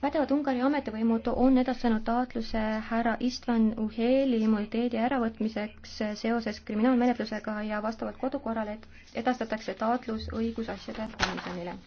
pädevad Ungari ametivõimud on edastanud taotluse härra Istvan Uheli immuniteedi äravõtmiseks seoses kriminaalmenetlusega ja vastavalt kodukorrale edastatakse taotlus õigusasjade komisjonile.